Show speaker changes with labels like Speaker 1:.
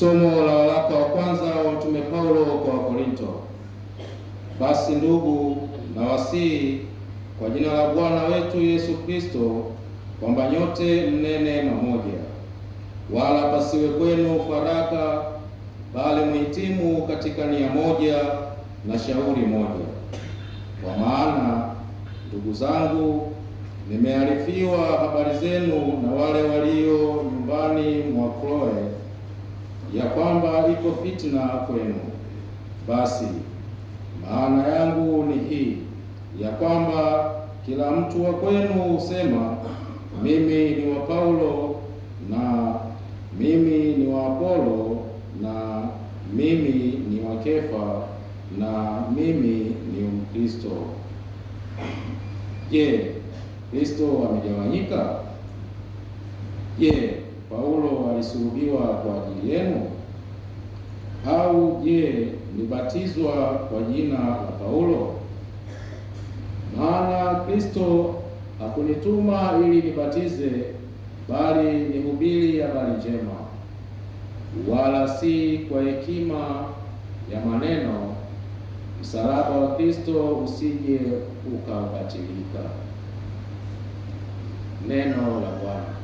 Speaker 1: Somo la waraka wa kwanza wa Mtume Paulo kwa Wakorinto. Basi ndugu, na wasii kwa jina la Bwana wetu Yesu Kristo kwamba nyote mnene mamoja, wala pasiwe kwenu faraka, bali mhitimu katika nia moja na shauri moja. Kwa maana ndugu zangu, nimearifiwa habari zenu na wale walio nyumbani mwa Chloe ya kwamba iko fitina kwenu. Basi maana yangu ni hii ya kwamba kila mtu wa kwenu husema mimi ni wa Paulo na mimi ni wa Apolo na mimi ni wa Kefa na mimi ni Mkristo. Je, Kristo amegawanyika? Je, Paulo alisulubiwa kwa ajili yenu? Au je, nibatizwa kwa jina la Paulo? Maana Kristo hakunituma ili nibatize, bali nihubiri habari njema, wala si kwa hekima ya maneno, msalaba wa Kristo usije ukabatilika. Neno la Bwana.